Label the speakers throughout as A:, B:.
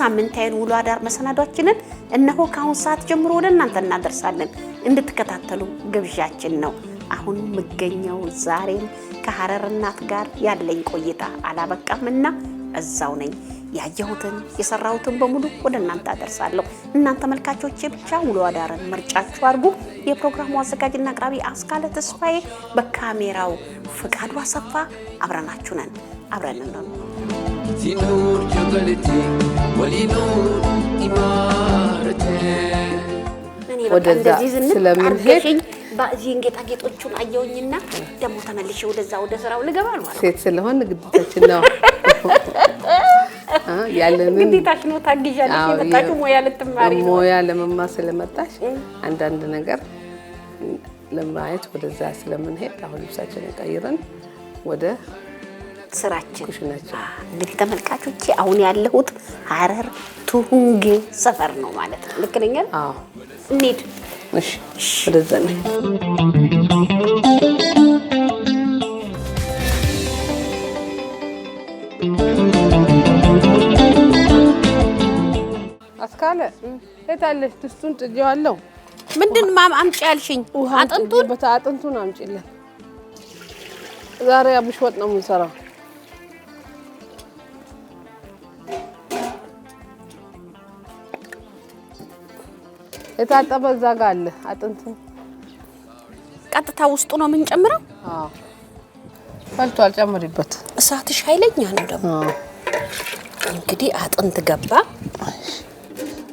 A: ሳምንታዊን ውሎ አዳር መሰናዷችንን እነሆ ከአሁን ሰዓት ጀምሮ ወደ እናንተ እናደርሳለን። እንድትከታተሉ ግብዣችን ነው። አሁን የምገኘው ዛሬም ከሀረር እናት ጋር ያለኝ ቆይታ አላበቃምና እዛው ነኝ። ያየሁትን የሰራሁትን በሙሉ ወደ እናንተ አደርሳለሁ። እናንተ መልካቾቼ ብቻ ውሎ አዳርን ምርጫችሁ አድርጉ። የፕሮግራሙ አዘጋጅና አቅራቢ አስካለ ተስፋዬ፣ በካሜራው ፍቃዱ አሰፋ። አብረናችሁ ነን። አብረን ነው غلتي ولنور إمارته ወደዚህ ስለምንሄድ እዚህን ጌጣጌጦቹን አየሁኝና ደግሞ ተመልሼ ወደዛ ወደ ስራው ልገባ ነው።
B: ሴት ስለሆን ግዴታችን ነው ያለንን
A: ግዴታሽ ነው። ታግዣለሽ። የመጣሽ ሙያ ልትማሪ
B: ነው። ሙያ ለመማር ስለመጣሽ አንዳንድ ነገር ለማየት ወደዛ ስለምንሄድ አሁን ልብሳችንን ቀይረን ወደ
A: ስራችን እንግዲህ ተመልካቾቼ፣ አሁን ያለሁት ሀረር ቱሁንጌ ሰፈር ነው ማለት ነው። ልክ ነኝ እንሂድ። ወደዛ
B: አስካለ የታለሽ? ድስቱን ጥጄዋለሁ።
A: ምንድን ማም አምጪ ያልሽኝ? አጥንቱን
B: አጥንቱን አምጪልን። ዛሬ አብሽ ወጥ ነው የምንሰራው። የታጠበ እዛ ጋ አለ። አጥንቱ
A: ቀጥታ ውስጡ ነው የምንጨምረው።
B: ፈልቷል፣ ጨምሪበት።
A: እሳትሽ ኃይለኛ ነው ደግሞ። እንግዲህ አጥንት ገባ።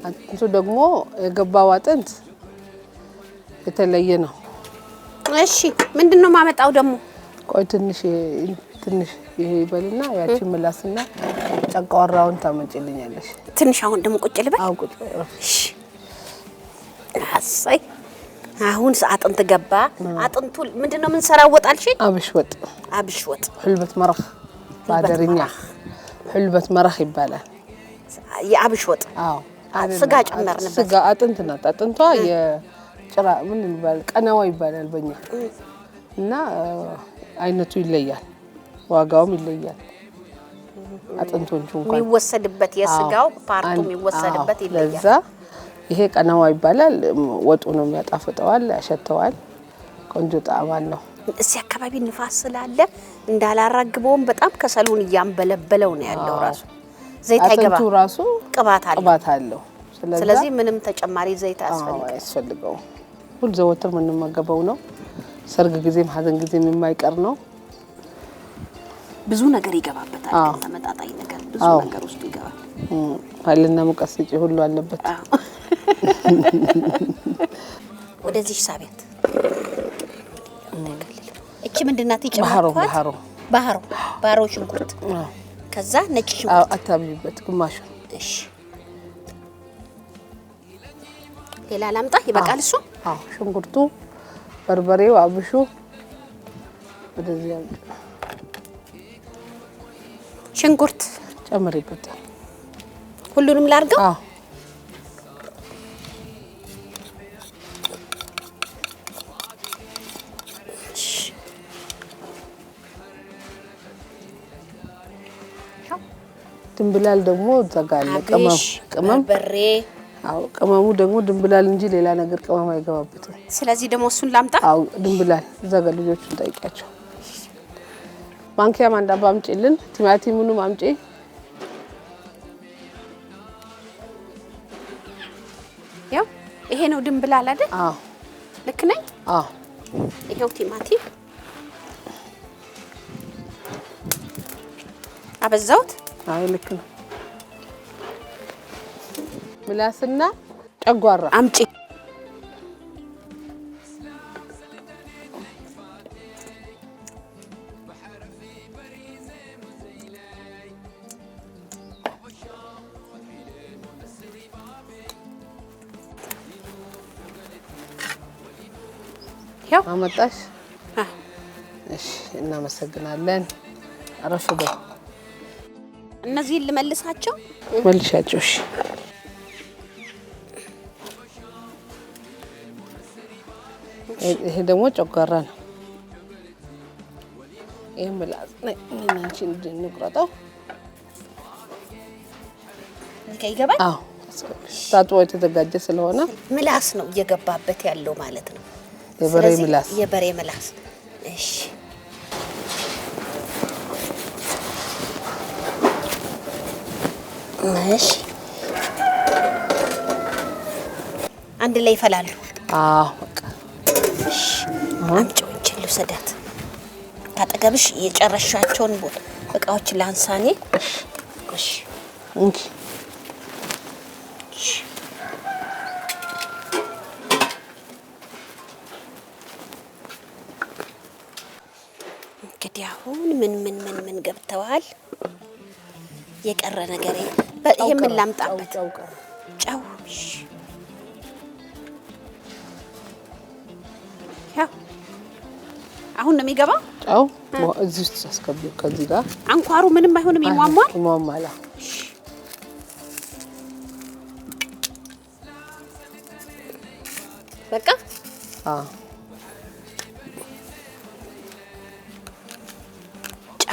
B: አጥንቱ ደግሞ የገባው አጥንት የተለየ ነው።
A: እሺ ምንድን ነው ማመጣው ደግሞ?
B: ቆይ ትንሽ ትንሽ ይሄ ይበልና ያቺ ምላስና ጨንቃራውን ታመጭልኛለሽ።
A: ትንሽ አሁን ደግሞ ቁጭ ልበል። አሳይ አሁን አጥንት ገባ። አጥንቱ ምንድን ነው የምንሰራው? ወጥ አልሽኝ። አብሽ ወጥ፣ አብሽ ወጥ፣
B: ሕልበት መረኽ ባደርኛ ሕልበት መረኽ ይባላል።
A: የአብሽ ወጥ ስጋ ጨመርንበት።
B: ስጋ አጥንት ናት። አጥንቷ የጭራ ምን ይባላል? ቀነዋ ይባላል በእኛ እና አይነቱ ይለያል፣ ዋጋውም ይለያል። አጥንቶቹ
A: እንኳን የሚወሰድበት የስጋው ፓርቱ የሚወሰድበት
B: ይለያል። ይሄ ቀነዋ ይባላል። ወጡ ነው የሚያጣፍጠዋል፣ ያሸተዋል። ቆንጆ ጣዕም አለው።
A: እዚህ አካባቢ ንፋስ ስላለ እንዳላራግበውም በጣም ከሰሉን እያንበለበለው ነው ያለው። ራሱ ዘይት አይገባ ራሱ ቅባት አለው። ስለዚህ ምንም ተጨማሪ ዘይት
B: አያስፈልገው። ሁል ዘወትር የምንመገበው ነው። ሰርግ ጊዜም ሀዘን ጊዜም የማይቀር ነው።
A: ብዙ ነገር ይገባበታል። ተመጣጣኝ ነገር ብዙ ነገር ውስጥ ይገባል።
B: ኃይልና ሙቀት ስጪ ሁሉ አለበት።
A: ወደዚህ ሳቤት እቺ ምንድናት? ናት?
B: ይጨምርኳት
A: ባህሮ ባህሮ ሽንኩርት፣ ከዛ ነጭ
B: ሽንኩርት አታምኝበት፣ ግማሹ።
A: እሺ ሌላ ላምጣ? ይበቃል እሱ።
B: አዎ ሽንኩርቱ፣ በርበሬው፣ አብሹ ወደዚህ ሽንኩርት ጨምሪበታል።
A: ሁሉንም ላርገው።
B: ድንብላል ደግሞ ዘጋለ
A: ቅመም ቅመም በሬ
B: አው ቅመሙ ደግሞ ድንብላል እንጂ ሌላ ነገር ቅመም አይገባበትም።
A: ስለዚህ ደግሞ እሱን ላምጣ።
B: አው ድንብላል ዘጋ። ልጆቹን ጠይቂያቸው። ማንኪያም አንድ አምጪልን፣ ቲማቲሙንም አምጪ
A: ይሄ ነው ድንብላል አይደል? አዎ ልክ ነኝ። አዎ ይሄው ቲማቲም አበዛውት።
B: አይ ልክ ነው። ምላስና ጨጓራ አምጪ አመጣሽ። እሺ፣ እናመሰግናለን። አረፍ በይ።
A: እነዚህን ልመልሳቸው።
B: መልሻቸው። እሺ ይሄ ደግሞ ጨጓራ ነው። ይህ ምላስ ናችን እንቁረጠው። ይገባል። ታጥቦ የተዘጋጀ ስለሆነ
A: ምላስ ነው እየገባበት ያለው ማለት ነው።
B: የበሬ ምላስ
A: የበሬ ምላስ። እሺ እሺ፣ አንድ ላይ ይፈላሉ። አዎ በቃ እሺ። አምጪው እንችል ልውሰዳት። ካጠገብሽ የጨረሻቸውን ቦታ እቃዎች ላንሳኔ። እሺ እንኪ ሰርተዋል። የቀረ ነገር ይሄም የምንላምጣበት ጨው አሁን ነው የሚገባው።
B: ጨው እዚህ ውስጥ ሳስገቡ ከዚህ ጋር
A: አንኳሩ ምንም አይሆንም፣ ይሟሟል ይሟሟል። በቃ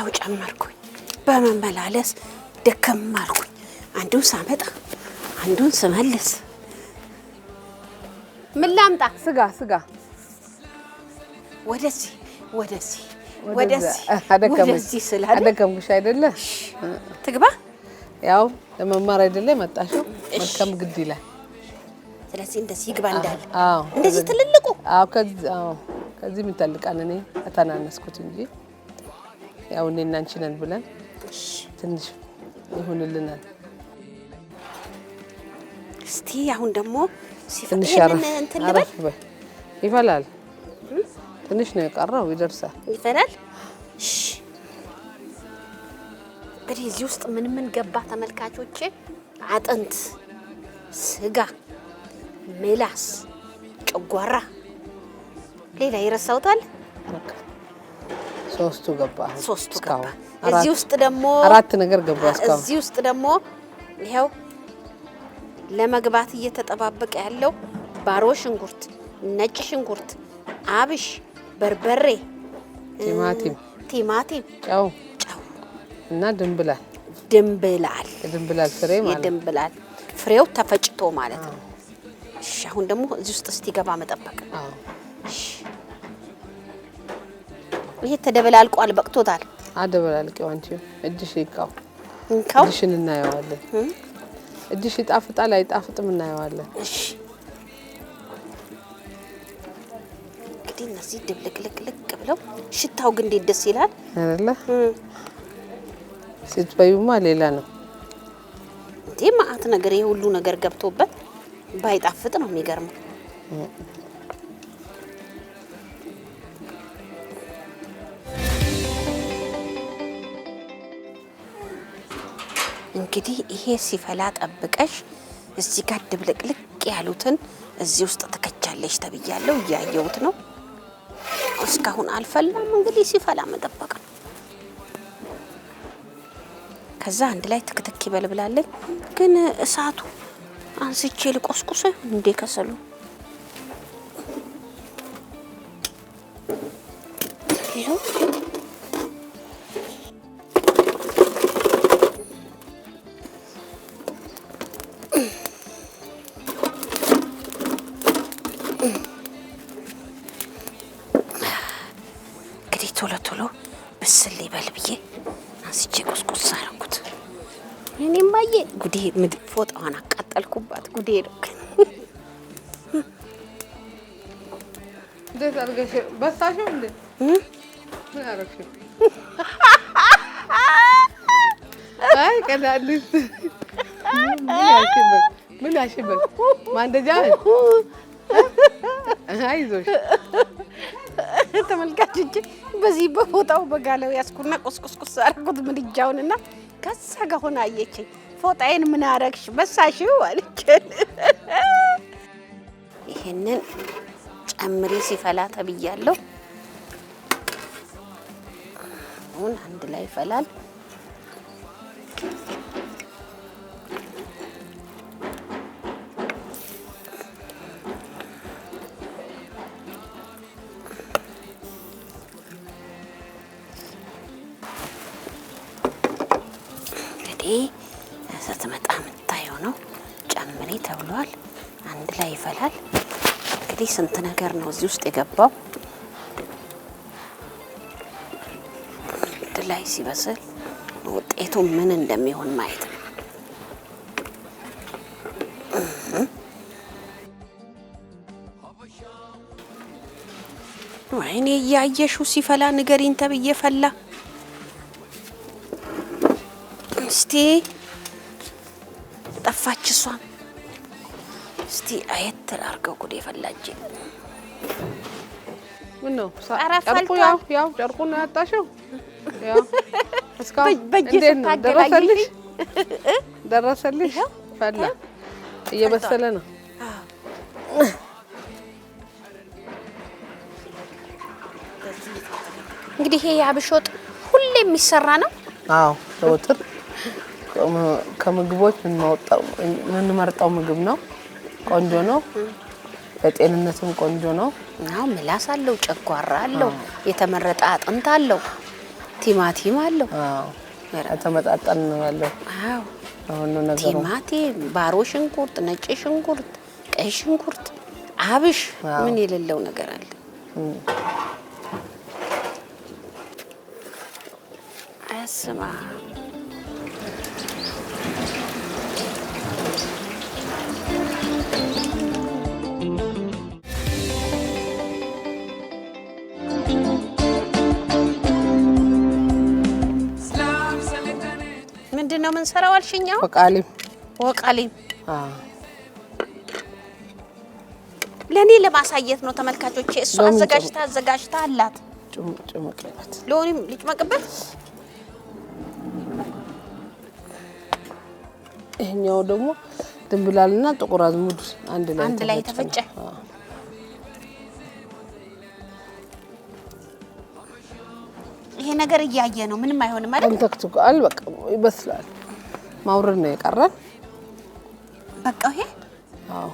A: ያው ጨመርኩኝ። በመመላለስ ደከም አልኩኝ። አንዱን ሳመጣ አንዱን ስመልስ ምን ላምጣ? ስጋ ስጋ ወደዚህ ወደዚህ ወደዚህ ስላለ
B: አደከምኩሽ አይደለ? ትግባ ያው ለመማር አይደለ መጣሽው፣ መድከም ግድ ይላል።
A: ስለዚህ እንደዚህ ይግባ እንዳለ እንደዚህ ትልልቁ
B: ከዚህ የሚጠልቃን እኔ አታናነስኩት እንጂ ያው እኔና አንቺ ነን ብለን ትንሽ ይሁንልናል።
A: እስቲ አሁን ደግሞ ትንሽ
B: ይፈላል፣ ትንሽ ነው የቀረው። ይደርሳል፣
A: ይፈላል። እንግዲህ እዚህ ውስጥ ምን ምን ገባ ተመልካቾቼ? አጥንት፣ ስጋ፣ ምላስ፣ ጨጓራ፣ ሌላ ይረሳውታል።
B: ሶስቱ ገባ
A: ሶስቱ ገባ። እዚህ ውስጥ ደግሞ
B: አራት ነገር ገባ።
A: እዚህ ውስጥ ደግሞ ይኸው ለመግባት እየተጠባበቀ ያለው ባሮ ሽንኩርት፣ ነጭ ሽንኩርት፣ አብሽ፣ በርበሬ፣ ቲማቲም ቲማቲም፣ ጨው ጨው
B: እና ድንብላል
A: ድንብላል
B: ድንብላል ፍሬ
A: ማለት ድንብላል ፍሬው ተፈጭቶ ማለት ነው። እሺ አሁን ደግሞ እዚህ ውስጥ እስቲ ገባ መጠበቅ አዎ ይሄ ተደበላልቋል፣ በቅቶታል።
B: አደበላልቂው አንቺ እጅሽ ይቃው እንካው እጅሽን እናየዋለን። እጅሽ ይጣፍጣል አይጣፍጥም እናየዋለን። እሺ
A: እንግዲህ እነዚህ ድብልቅልቅልቅ ብለው ሽታው ግን እንዴት ደስ ይላል
B: አይደለ? ስትበዩማ ሌላ ነው
A: እንዴ! ማአት ነገር ይሄ ነገር ገብቶበት ባይጣፍጥ ነው የሚገርመው። እንግዲህ ይሄ ሲፈላ ጠብቀሽ እዚህ ጋር ድብልቅልቅ ያሉትን እዚህ ውስጥ ትከቻለሽ ተብያለሁ። እያየሁት ነው። እስካሁን አልፈላም። እንግዲህ ሲፈላ መጠበቅ ነው። ከዛ አንድ ላይ ትክትክ ይበል ብላለች። ግን እሳቱ አንስቼ ልቆስቁሰ እንዴ ከሰሉ ብስል ይበል ብዬ አንስቼ ቁስቁስ አረንኩት። እኔማ የ ጉዴ ምድ ፎጣዋን አቃጠልኩባት። ጉዴ ነው
B: ምን አይ ምን ማንደጃ አይዞሽ
A: ተመልካች እንጂ በዚህ በፎጣው በጋለው ያስኩና ቁስቁስቁስ አደረኩት ምድጃውንና ከዛ ጋር ሆና አየችኝ። ፎጣዬን ምን አረግሽ በሳሽው አለችን። ይሄንን ጨምሪ ሲፈላ ተብያለሁ። አሁን አንድ ላይ ይፈላል። እንዴ ስትመጣ የምታየው ነው። ጨምሬ ተብሏል። አንድ ላይ ይፈላል። እንግዲህ ስንት ነገር ነው እዚህ ውስጥ የገባው። አንድ ላይ ሲበስል ውጤቱ ምን እንደሚሆን ማየት ነው። ወይኔ እያየሹ ሲፈላ ንገሪን ተብዬ ፈላ። እስቲ ጠፋች እሷም። እስቲ አየት አድርገው ጉድ የፈላጅ
B: ምነው ያው ጨርቁን ነው እየበሰለ ነው።
A: እንግዲህ ይሄ የአብሽ ወጥ ሁሌ የሚሰራ ነው።
B: አዎ ዘወትር ከምግቦች የምንመርጠው ምግብ ነው። ቆንጆ ነው። ለጤንነትም ቆንጆ ነው።
A: ምላስ አለው፣ ጨጓራ አለው፣ የተመረጠ አጥንት አለው፣ ቲማቲም አለው፣
B: ተመጣጠን ነው
A: ቲማቲም፣ ባሮ ሽንኩርት፣ ነጭ ሽንኩርት፣ ቀይ ሽንኩርት፣ አብሽ ምን የሌለው ነገር አለ። አስማ ምንድን ነው የምንሰራው አልሽኝ? ወቃሊም ወቃሊም። ለእኔ ለማሳየት ነው ተመልካቾች። እሱ አዘጋጅታ አዘጋጅታ አላት። ሎሚም ልጭመቅበት።
B: ይሄኛው ደግሞ ድንብላልና ጥቁር አዝሙድ
A: አንድ ላይ አንድ ላይ ተፈጨ። ይሄ ነገር እያየ ነው። ምንም አይሆንም
B: አይደል? ቃል በቃ ይበስላል። ማውረድ ነው የቀረን። በቃ ይሄ አዎ።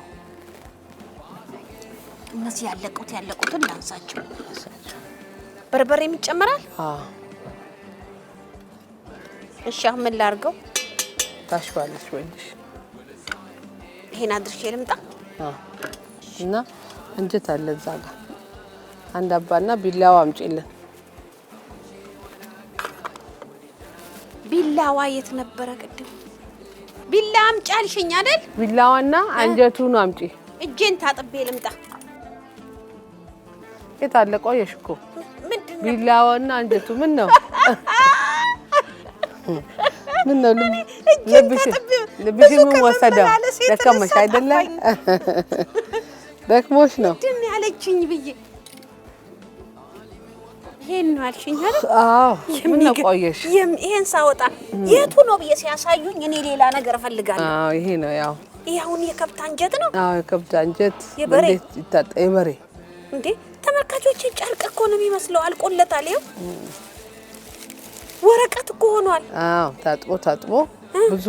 A: እነዚህ ያለቁት ያለቁትን ላንሳቸው። በርበሬም ይጨመራል። አዎ። እሺ፣ አሁን ምን ላድርገው?
B: ታሽዋለች ወንድሽ።
A: ይሄን አድርሼ ልምጣ
B: እና እንጀት አለ እዛ ጋር አንድ አባና ቢላዋ አምጪልን
A: ቢላዋ የት ነበረ ቅድም? ቢላ አምጪ አልሽኝ አይደል?
B: ቢላዋና አንጀቱ ነው አምጪ።
A: እጄን ታጥቤ ልምጣ።
B: የት አለ? ቆየሽ እኮ ቢላዋና አንጀቱ ምን ነው? ምን ነው? ልብሽ ልብሽ ምን ወሰደው? ደከመሽ አይደለ? ደክሞሽ ነው
A: ያለችኝ ብዬ ይሄን ነው አልሽኝ አይደል?
B: አዎ። ምን ነው ቆየሽ?
A: ይሄን ሳወጣ የቱ ነው ብዬ ሲያሳዩኝ እኔ ሌላ ነገር እፈልጋለሁ።
B: አዎ፣ ይሄ ነው ያው።
A: ይሄ አሁን የከብት አንጀት ነው።
B: አዎ፣ የከብት አንጀት የበሬ ይታጣ የበሬ
A: እንዴ! ተመልካቾች ጨርቅ እኮ ነው የሚመስለው። አልቆለታል። ይኸው ወረቀት እኮ ሆኗል።
B: አዎ፣ ታጥቦ ታጥቦ ብዙ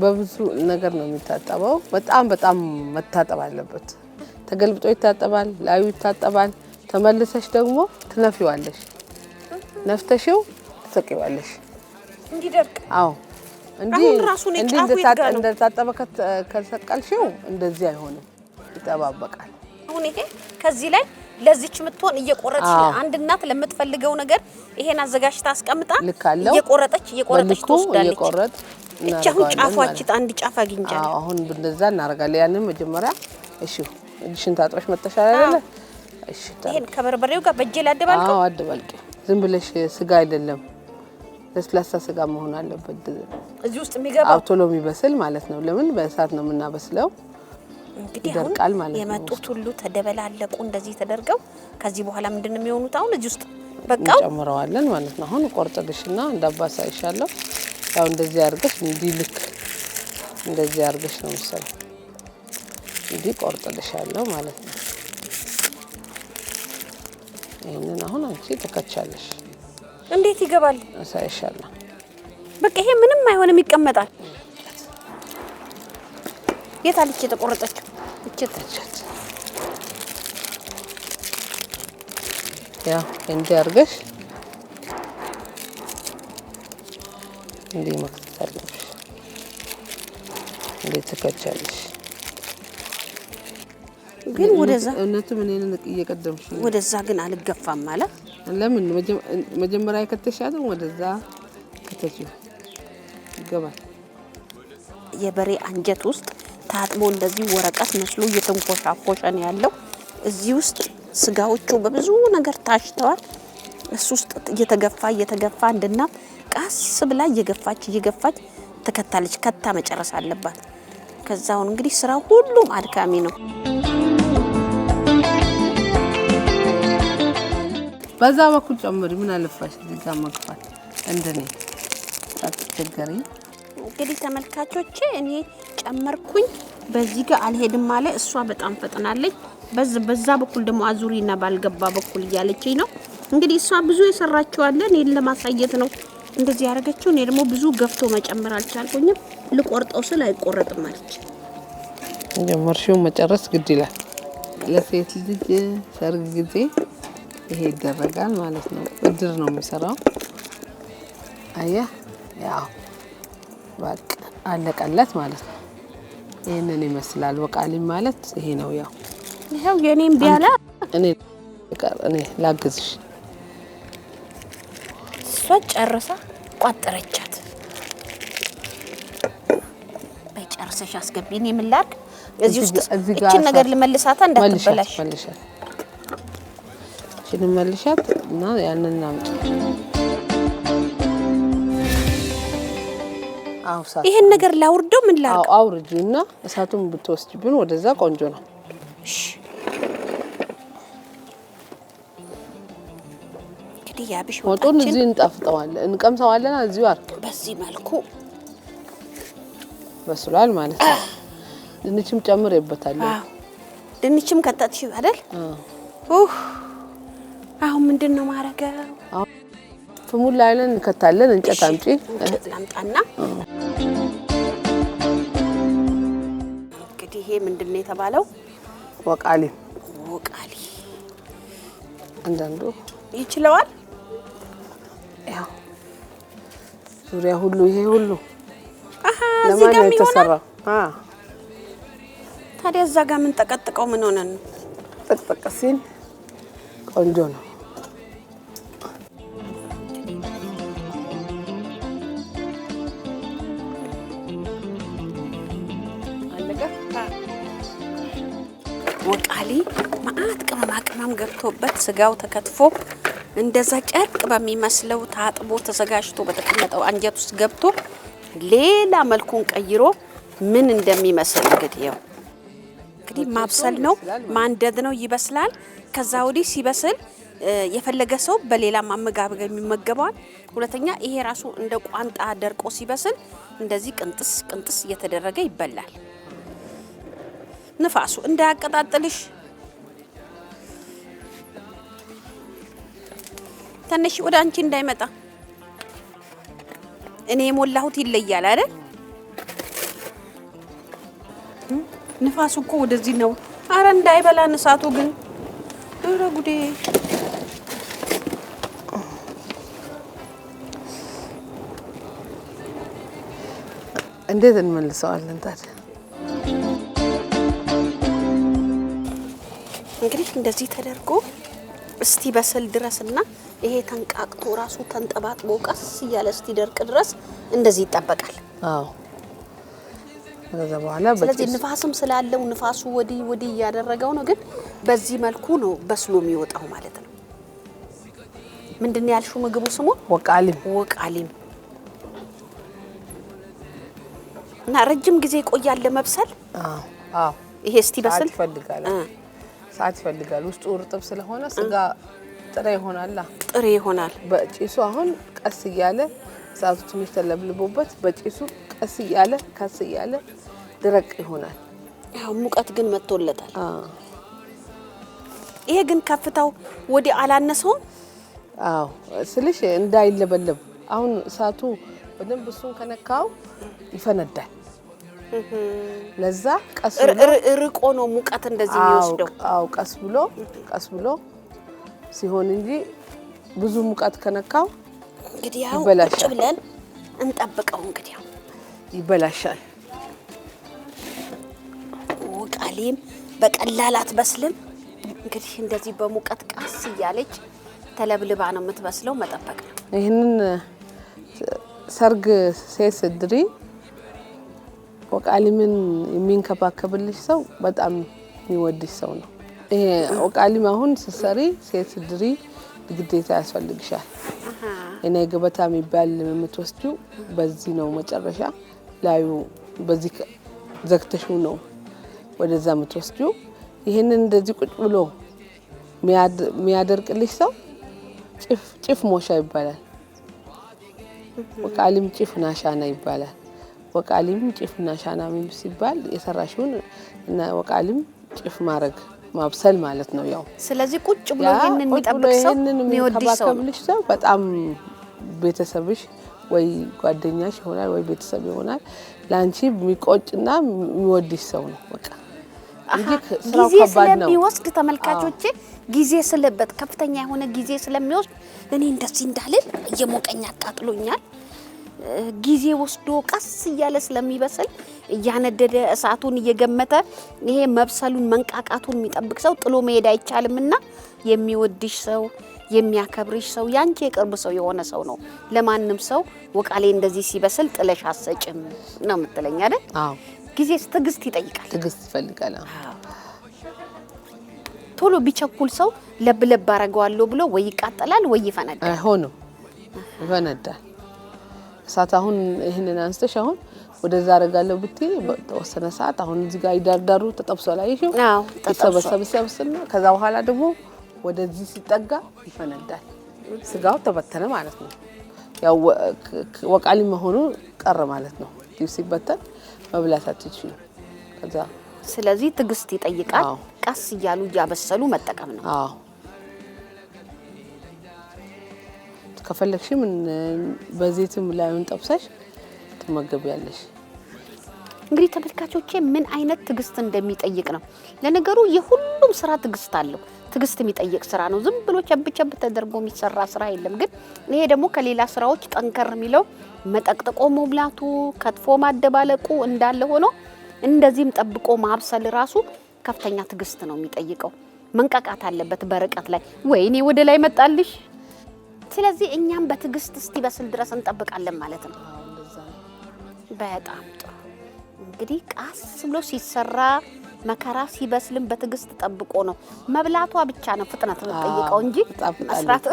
B: በብዙ ነገር ነው የሚታጠበው። በጣም በጣም መታጠብ አለበት። ተገልብጦ ይታጠባል፣ ላዩ ይታጠባል። ተመልሰሽ ደግሞ ትነፊዋለሽ። ነፍተሽው ትሰቂዋለሽ። እንዲደርቅ አዎ። እንዲህ እንደታጠበ ከሰቀልሽው እንደዚህ አይሆንም፣ ይጠባበቃል።
A: አሁን ይሄ ከዚህ ላይ ለዚች የምትሆን እየቆረጥሽ አንድ እናት ለምትፈልገው ነገር ይሄን አዘጋጅታ አስቀምጣ እየቆረጠች
B: እየቆረጠች ትወስዳለች።
A: እቺ አሁን ጫፏች አንድ ጫፍ አግኝቻለሁ።
B: አሁን እንደዛ እናደርጋለን። ያንን መጀመሪያ እሺ፣ እጅሽን ታጥበሽ መጥተሻል አይደለ? ይሄን
A: ከበርበሬው ጋር በእጄ ላደባልቀው?
B: አዎ አደባልቂ። ዝም ብለሽ ስጋ አይደለም፣ ለስላሳ ስጋ መሆን አለበት።
A: እዚህ ውስጥ የሚገባው
B: ቶሎ የሚበስል ማለት ነው። ለምን በእሳት ነው የምናበስለው።
A: ይደርቃል ማለት ነው። የመጡት ሁሉ ተደበላለቁ እንደዚህ ተደርገው። ከዚህ በኋላ ምንድን ነው የሚሆኑት? አሁን እዚህ ውስጥ
B: በቃ እንጨምረዋለን ማለት ነው። አሁን ያው እንደዚህ አድርገሽ እንዲህ ልክ እንደዚህ አድርገሽ ነው መሰለኝ እንዲህ ማለት ነው። ይህንን አሁን አንቺ ትከቻለሽ።
A: እንዴት ይገባል?
B: አሳይሻለሁ።
A: በቃ ይሄ ምንም አይሆንም፣ ይቀመጣል። የት አለች የተቆረጠችው?
B: እችታቻት ያው እንዲህ አድርገሽ እንዲህ መክተት አለብሽ። እንዴት ትከቻለሽ? ግን ወደዛ እነቱም እኔን እየቀደምሽ
A: ወደዛ ግን አልገፋም ማለት
B: ለምን መጀመሪያ የከተሻትን ወደዛ ከተች ይገባል።
A: የበሬ አንጀት ውስጥ ታጥቦ እንደዚህ ወረቀት መስሎ እየተንኮሻኮሸ ነው ያለው። እዚህ ውስጥ ስጋዎቹ በብዙ ነገር ታሽተዋል። እሱ ውስጥ እየተገፋ እየተገፋ እንድና ቀስ ብላ እየገፋች እየገፋች ተከታለች። ከታ መጨረስ አለባት። ከዛውን እንግዲህ ስራው ሁሉም አድካሚ ነው።
B: በዛ በኩል ጨምሪ። ምን አለፋሽ እዚህ ጋር መግፋት እንደኔ አትቸገሪ።
A: እንግዲህ ተመልካቾች እኔ ጨመርኩኝ። በዚህ ጋር አልሄድም አለ እሷ በጣም ፈጥናለች። በዛ በኩል ደግሞ አዙሪና ባልገባ በኩል እያለችኝ ነው። እንግዲህ እሷ ብዙ የሰራችዋለ እኔን ለማሳየት ነው እንደዚህ ያደረገችው። እኔ ደግሞ ብዙ ገፍቶ መጨመር አልቻልኩኝም። ልቆርጠው ስል አይቆረጥም አለች።
B: ጀመርሽው መጨረስ ግድ ይላል። ለሴት ልጅ ሰርግ ጊዜ ይሄ ይደረጋል ማለት ነው። እድር ነው የሚሰራው። አየህ፣ ያው በቃ አለቀለት ማለት ነው። ይህንን ይመስላል። ወቃሊም ማለት ይሄ ነው። ያው
A: ይኸው የኔም ቢያለ
B: እኔ እኔ ላግዝሽ።
A: እሷ ጨርሳ ቋጠረቻት። በጨርሰሽ አስገቢ። እኔ ምን ላድርግ? እዚህ ውስጥ እችን ነገር ልመልሳታ
B: እንዳትበላሽ እችንም መልሻት እና ያንን እናምጭ።
A: ይሄን ነገር ላውርደው ምን ላድርግ?
B: አውርጂ እና እሳቱን ብትወስጅብን ወደዛ ቆንጆ ነው። ወጡን እዚህ እንጠፍጠዋለን፣ እንቀምሰዋለና እዚሁ አርክ
A: በዚህ መልኩ
B: በስሏል ማለት ነው። ድንችም ጨምሬበታለሁ።
A: ድንችም ከተትሽ አይደል? አሁን ምንድን ነው ማረገው?
B: ፍሙን ላይ እንከታለን። እንጨት አምጪ፣
A: እንጨት ላምጣና እንግዲህ ይሄ ምንድን ነው የተባለው? ወቃሊ ወቃሊ። አንዳንዱ ይችለዋል።
B: ያው ዙሪያ ሁሉ ይሄ ሁሉ
A: ለማን ነው የተሰራው? ታዲያ እዛ ጋር ምን ጠቀጥቀው? ምን ሆነን ነው
B: ጥቅጥቅ ሲል ቆንጆ ነው።
A: ተሰርቶበት ስጋው ተከትፎ እንደዛ ጨርቅ በሚመስለው ታጥቦ ተዘጋጅቶ በተቀመጠው አንጀት ውስጥ ገብቶ ሌላ መልኩን ቀይሮ ምን እንደሚመስል እንግዲህ ያው እንግዲህ ማብሰል ነው ማንደድ ነው። ይበስላል። ከዛ ወዲህ ሲበስል የፈለገ ሰው በሌላ ማመጋብ የሚመገበዋል። ሁለተኛ ይሄ ራሱ እንደ ቋንጣ ደርቆ ሲበስል እንደዚህ ቅንጥስ ቅንጥስ እየተደረገ ይበላል። ንፋሱ እንዳያቀጣጥልሽ ትንሽ ወደ አንቺ እንዳይመጣ እኔ የሞላሁት ይለያል አይደል? ንፋሱ እኮ ወደዚህ ነው። አረ እንዳይበላ ንሳቱ ግን ኧረ ጉዴ!
B: እንዴት እንመልሰዋለን ታዲያ?
A: እንግዲህ እንደዚህ ተደርጎ እስቲ በስል ድረስ እና ይሄ ተንቃቅቶ ራሱ ተንጠባጥቦ ቀስ እያለ እስቲ ደርቅ ድረስ እንደዚህ ይጠበቃል። ከዛ በኋላ ስለዚህ ንፋስም ስላለው ንፋሱ ወዲህ ወዲህ እያደረገው ነው፣ ግን በዚህ መልኩ ነው በስሎ የሚወጣው ማለት ነው። ምንድን ያልሹ ምግቡ ስሙ ወቃሊም ወቃሊም እና ረጅም ጊዜ ይቆያል ለመብሰል። አዎ አዎ። ይሄ እስቲ በስል
B: ሰዓት ይፈልጋል። ውስጡ እርጥብ ስለሆነ ስጋ ጥሬ ይሆናል። ጥሬ ይሆናል። በጭሱ አሁን ቀስ እያለ ሰዓቱ ትንሽ ተለብልቦበት በጭሱ ቀስ እያለ ቀስ እያለ ድረቅ ይሆናል።
A: ያው ሙቀት ግን መጥቶለታል። ይሄ ግን ከፍታው ወዲህ አላነሰውም።
B: አዎ ስልሽ እንዳይለበለብ አሁን እሳቱ በደንብ እሱን ከነካው ይፈነዳል። ለዛ
A: ርቆ ነው ሙቀት እንደዚህ የሚወስደው።
B: ቀስ ብሎ ቀስ ብሎ ሲሆን እንጂ ብዙ ሙቀት ከነካው
A: እንግዲህ ያው ቁጭ ብለን እንጠብቀው። እንግዲህ ያው
B: ይበላሻል።
A: ቃሌም በቀላል አትበስልም። እንግዲህ እንደዚህ በሙቀት ቀስ እያለች ተለብልባ ነው የምትበስለው። መጠበቅ ነው።
B: ይህንን ሰርግ ሴት ስድሪ ወቃሊምን የሚንከባከብልሽ ሰው በጣም የሚወድሽ ሰው ነው። ይሄ ወቃሊም አሁን ስትሰሪ ሴት ድሪ ግዴታ ያስፈልግሻል። እኔ ገበታ የሚባል የምትወስጂው በዚህ ነው። መጨረሻ ላዩ በዚህ ዘግተሹ ነው ወደዛ የምትወስጂው። ይህንን እንደዚህ ቁጭ ብሎ የሚያደርቅልሽ ሰው ጭፍ ሞሻ ይባላል። ወቃሊም ጭፍ ናሻና ይባላል። ወቃሊም ጭፍና ሻና ሲባል የሰራሽውን እና ወቃሊም ጭፍ ማድረግ ማብሰል ማለት ነው። ያው
A: ስለዚህ ቁጭ ብሎ ይሄንን የሚጠብቅ ሰው የሚከባከብልሽ
B: ሰው በጣም ቤተሰብሽ ወይ ጓደኛሽ ይሆናል ወይ ቤተሰብ ይሆናል። ለአንቺ የሚቆጭና የሚወድሽ ሰው ነው በቃ
A: ጊዜ ስለሚወስድ ተመልካቾቼ ጊዜ ስለበት ከፍተኛ የሆነ ጊዜ ስለሚወስድ እኔ እንደዚህ እንዳልል እየሞቀኝ አቃጥሎኛል። ጊዜ ወስዶ ቀስ እያለ ስለሚበስል እያነደደ እሳቱን እየገመተ ይሄ መብሰሉን መንቃቃቱን የሚጠብቅ ሰው ጥሎ መሄድ አይቻልም እና የሚወድሽ ሰው የሚያከብርሽ ሰው ያንቺ የቅርብ ሰው የሆነ ሰው ነው። ለማንም ሰው ወቃሌ እንደዚህ ሲበስል ጥለሽ አሰጭም ነው የምትለኝ አይደል? ጊዜ ትዕግስት ይጠይቃል።
B: ትዕግስት ይፈልጋል።
A: ቶሎ ቢቸኩል ሰው ለብለብ አረገዋለሁ ብሎ ወይ ይቃጠላል ወይ ይፈነዳል።
B: ሆኖ ይፈነዳል። ሰዓት አሁን ይህንን አንስተሽ አሁን ወደዛ አደርጋለሁ ብትይ በተወሰነ ሰዓት አሁን እዚህ ጋር ይዳርዳሩ ተጠብሶ ላይ ይሽው ይሰበሰብ ይሰብስና ከዛ በኋላ ደግሞ ወደዚህ ሲጠጋ ይፈነዳል። ስጋው ተበተነ ማለት ነው። ያው ወቃሊ መሆኑ ቀረ ማለት ነው። ሲበተን መብላታት ይችሉ ከዛ
A: ስለዚህ ትዕግስት ይጠይቃል። ቀስ እያሉ እያበሰሉ መጠቀም ነው።
B: ከፈለግሽም በዘይትም ላዩን ጠብሰሽ ትመገቢያለሽ።
A: እንግዲህ ተመልካቾቼ ምን አይነት ትዕግስት እንደሚጠይቅ ነው። ለነገሩ የሁሉም ስራ ትዕግስት አለው። ትዕግስት የሚጠይቅ ስራ ነው። ዝም ብሎ ቸብ ተደርጎ የሚሰራ ስራ የለም። ግን ይሄ ደግሞ ከሌላ ስራዎች ጠንከር የሚለው መጠቅጥቆ መብላቱ፣ ከትፎ ማደባለቁ እንዳለ ሆኖ እንደዚህም ጠብቆ ማብሰል ራሱ ከፍተኛ ትዕግስት ነው የሚጠይቀው። መንቀቃት አለበት በርቀት ላይ ወይኔ ወደ ላይ መጣልሽ ስለዚህ እኛም በትዕግስት እስኪበስል ድረስ እንጠብቃለን ማለት ነው። በጣም ጥሩ እንግዲህ ቃስ ብሎ ሲሰራ መከራ ሲበስልም በትዕግስት ጠብቆ ነው። መብላቷ ብቻ ነው ፍጥነት የምጠይቀው እንጂ መስራት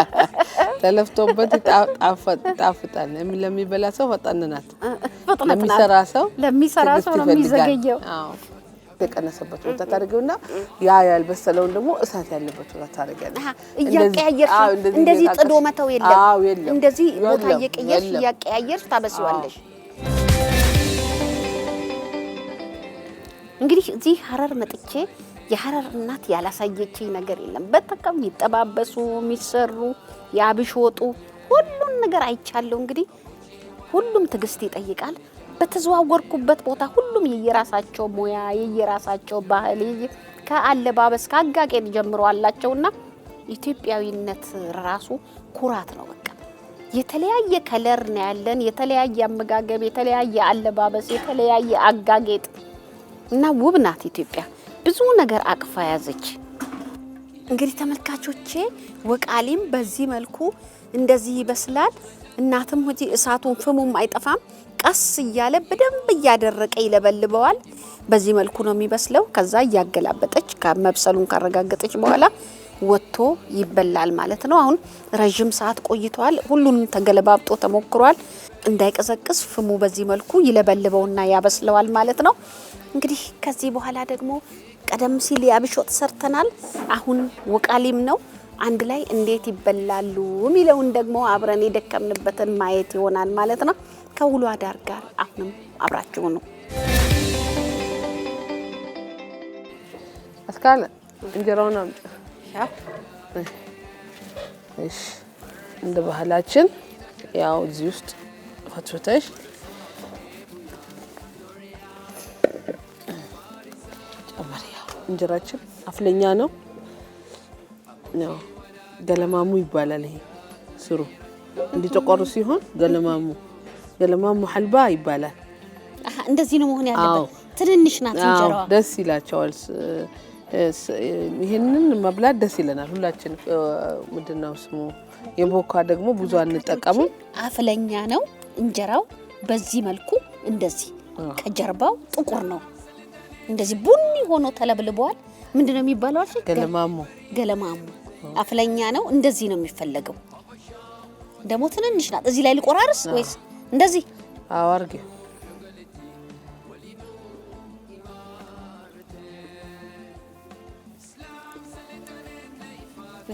B: ተለፍቶበት ይጣፍጣል። ለሚበላ ሰው ፈጣን ናት፣
A: ለሚሰራ ሰው ነው የሚዘገየው።
B: የቀነሰበት ቦታ ታደርጊውና ያ ያልበሰለውን ደግሞ እሳት ያለበት ቦታ ታደርጊያለሽ።
A: እንደዚህ ጥዶ መተው የለም። እንደዚህ ቦታ እየቀየርሽ እያቀያየርሽ ታበስዋለሽ። እንግዲህ እዚህ ሀረር መጥቼ የሀረር እናት ያላሳየችኝ ነገር የለም። በጣም የሚጠባበሱ የሚሰሩ የአብሽ ወጡ ሁሉን ነገር አይቻለሁ። እንግዲህ ሁሉም ትዕግስት ይጠይቃል። በተዘዋወርኩበት ቦታ ሁሉም የየራሳቸው ሙያ የየራሳቸው ባህል ከአለባበስ ከአጋቄን ጀምሮ አላቸውና ኢትዮጵያዊነት ራሱ ኩራት ነው። በቃ የተለያየ ከለር ነው ያለን፣ የተለያየ አመጋገብ፣ የተለያየ አለባበስ፣ የተለያየ አጋጌጥ እና ውብ ናት ኢትዮጵያ ብዙ ነገር አቅፋ ያዘች። እንግዲህ ተመልካቾቼ ወቃሊም በዚህ መልኩ እንደዚህ ይበስላል። እናትም ሁቲ እሳቱን ፍሙም አይጠፋም። ቀስ እያለ በደንብ እያደረቀ ይለበልበዋል። በዚህ መልኩ ነው የሚበስለው። ከዛ እያገላበጠች መብሰሉን ካረጋገጠች በኋላ ወጥቶ ይበላል ማለት ነው። አሁን ረዥም ሰዓት ቆይቷል። ሁሉንም ተገለባብጦ ተሞክሯል። እንዳይቀዘቅዝ ፍሙ በዚህ መልኩ ይለበልበውና ያበስለዋል ማለት ነው። እንግዲህ ከዚህ በኋላ ደግሞ ቀደም ሲል የአብሽ ወጥ ሰርተናል። አሁን ወቃሊም ነው። አንድ ላይ እንዴት ይበላሉ የሚለውን ደግሞ አብረን የደከምንበትን ማየት ይሆናል ማለት ነው። ከውሎ አዳር ጋር አሁንም አብራችሁ ነው።
B: አስካለ እንጀራውን አምጪ። እሺ፣ እንደ ባህላችን ያው እዚህ ውስጥ ፈትፍተሽ ጨመሪ። ያው እንጀራችን አፍለኛ ነው። ገለማሙ ይባላል። ይሄ ስሩ እንዲጠቆሩ ሲሆን ገለማሙ ገለማሙ ሀልባ ይባላል።
A: እንደዚህ ነው መሆን ያለበት። ትንንሽ ናት እንጀራዋ።
B: ደስ ይላቸዋል። ይህንን መብላት ደስ ይለናል ሁላችን። ምንድን ነው ስሙ? የቦካ ደግሞ ብዙ አንጠቀምም።
A: አፍለኛ ነው እንጀራው። በዚህ መልኩ እንደዚህ ከጀርባው ጥቁር ነው፣ እንደዚህ ቡኒ ሆኖ ተለብልበዋል። ምንድን ነው የሚባለው? ገለማሙ ገለማሙ አፍለኛ ነው። እንደዚህ ነው የሚፈለገው። ደግሞ ትንንሽ ናት። እዚህ ላይ ልቆራርስ ወይስ እንደዚህ? አዎ አድርጊው።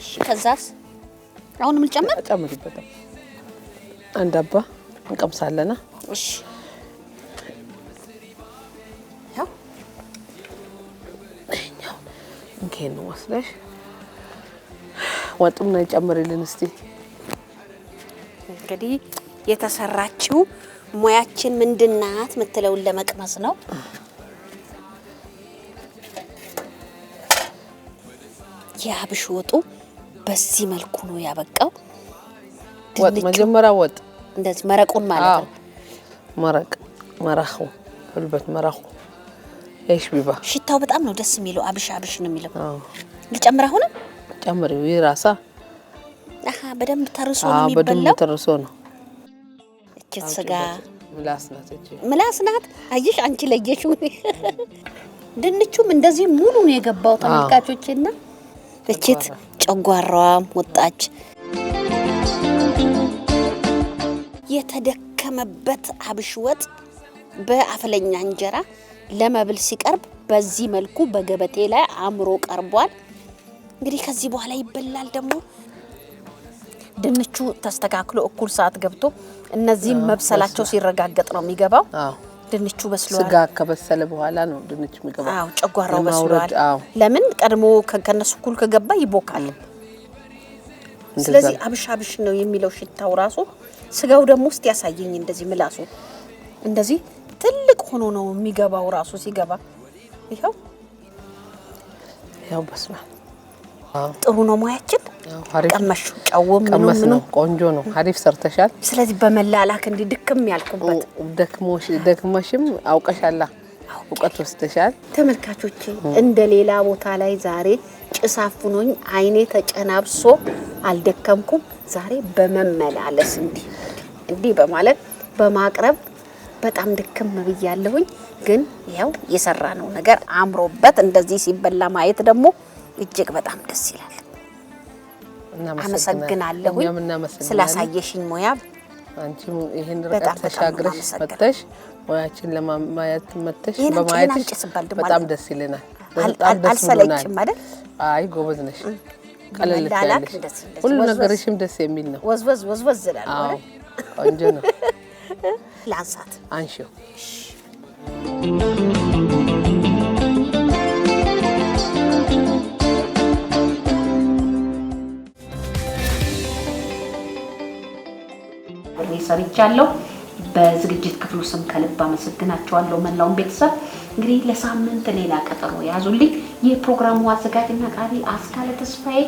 A: እሺ ከዛስ? አሁን አሁንም ልጨምር?
B: ጨምሪበታል። አንድ አባ እንቀምሳለና። እሺ ያው ይሄኛው እንኬን ወጡን ጨምርልን እስቲ።
A: እንግዲህ የተሰራችው ሙያችን ምንድናት የምትለውን ለመቅመስ ነው። የአብሽ ወጡ በዚህ መልኩ ነው ያበቃው።
B: ወጥ መጀመሪያ ወጥ
A: እንደዚህ መረቁን ማለት ነው።
B: መረቅ መራኹ ሁልበት መራኹ ሽቢባ
A: ሽታው በጣም ነው ደስ የሚለው። አብሽ አብሽ ነው የሚለው ልጨምር አሁንም
B: ጨምሪው። ይህ ራሳ
A: በደንብ ተርሶ ነው የሚበላው። ተርሶ ነው። እቺ ስጋ
B: ምላስ ናት። እቺ
A: ምላስ ናት። አየሽ አንቺ ለየሽው። ድንቹም እንደዚህ ሙሉ ነው የገባው ተመልካቾችና እቺት ጨጓራዋም ወጣች። የተደከመበት አብሽ ወጥ በአፍለኛ እንጀራ ለመብል ሲቀርብ በዚህ መልኩ በገበቴ ላይ አምሮ ቀርቧል። እንግዲህ ከዚህ በኋላ ይበላል። ደግሞ ድንቹ ተስተካክሎ እኩል ሰዓት ገብቶ እነዚህም መብሰላቸው ሲረጋገጥ ነው የሚገባው። ድንቹ በስሏል። ስጋ
B: ከበሰለ በኋላ ነው ድንቹ የሚገባው።
A: አዎ ጨጓራው በስሏል። ለምን ቀድሞ ከነሱ እኩል ከገባ ይቦካል። ስለዚህ አብሽ አብሽ ነው የሚለው ሽታው ራሱ። ስጋው ደግሞ ውስጥ ያሳየኝ እንደዚህ ምላሱ እንደዚህ ትልቅ ሆኖ ነው የሚገባው ራሱ ሲገባ ይኸው ያው በስሏል። ጥሩ ነው ሙያችን። ቀመሹ ጨውም
B: ቀመስ ነው፣ ቆንጆ ነው፣ አሪፍ ሰርተሻል።
A: ስለዚህ በመላላክ እንዲ ድክም ያልኩበት
B: ደክመሽም አውቀሻላ እውቀት ወስደሻል።
A: ተመልካቾቼ እንደ ሌላ ቦታ ላይ ዛሬ ጭስ አፍኖኝ አይኔ ተጨናብሶ አልደከምኩም። ዛሬ በመመላለስ እንዲህ እንዲህ በማለት በማቅረብ በጣም ድክም ብያለሁኝ። ግን ያው የሰራነው ነገር አምሮበት እንደዚህ ሲበላ ማየት ደግሞ እጅግ በጣም ደስ ይላል። አመሰግናለሁ ስላሳየሽኝ ሙያ።
B: አንቺም ይህን ርቀት ተሻግረሽ መጥተሽ ሙያችን ለማየት መጥተሽ
A: በማየትሽ
B: በጣም ደስ ይለናል።
A: አልሰለችም አይደል?
B: አይ ጎበዝ ነሽ። ቀለል ያለሽ ሁሉ ነገርሽም ደስ የሚል ነው።
A: ወዝወዝ ወዝወዝ እላለሁ። ቆንጆ ነው። ለአንሳት አንሺው ሰርቻለሁ። በዝግጅት ክፍሉ ስም ከልብ አመሰግናቸዋለሁ። መላውን ቤተሰብ እንግዲህ ለሳምንት ሌላ ቀጠሮ ያዙልኝ። የፕሮግራሙ አዘጋጅና አቅራቢ አስካለ ተስፋዬ፣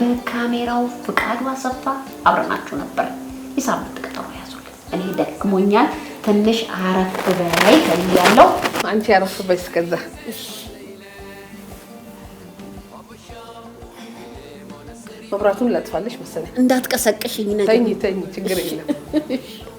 A: በካሜራው ፍቃዱ አሰፋ አብረናችሁ ነበር። የሳምንት ቀጠሮ ያዙልኝ። እኔ ደክሞኛል፣ ትንሽ አረፍ በላይ ያለው
B: አንቺ አረፍ በይ እስከዛ መብራቱን ላጥፋለች መሰለኝ።
A: እንዳትቀሰቅሽኝ ነገር።
B: ተኝ ተኝ፣ ችግር የለም